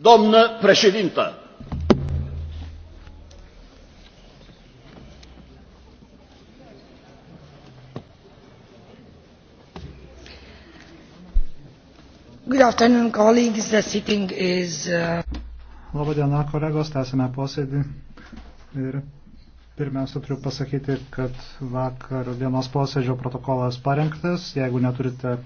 Doamnă președintă! Good afternoon, colleagues. The sitting is. Uh... Labadiena, kolegos, tęsime posėdį. Ir pirmiausia, turiu pasakyti, kad vakar dienos posėdžio protokolas parengtas. Jeigu neturite